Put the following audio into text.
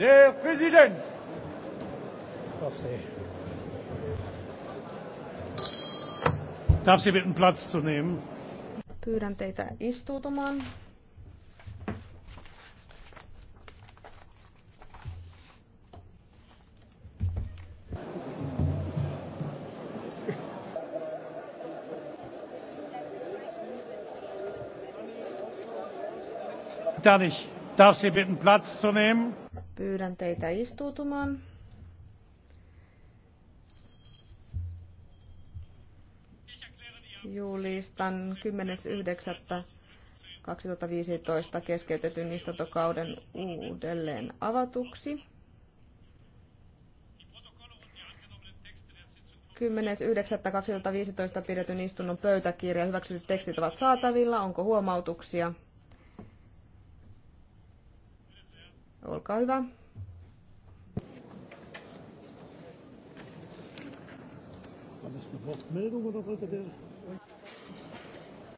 Der Präsident. Darf Sie bitten, Platz zu nehmen? Pyydän teitä istuutumaan. Dann ich darf Sie bitten, Platz zu nehmen. Pyydän teitä istuutumaan. Julistan 10.9.2015 keskeytetyn istuntokauden uudelleen avatuksi. 10.9.2015 pidetyn istunnon pöytäkirja hyväksytyt tekstit ovat saatavilla. Onko huomautuksia? Olkaa hyvä.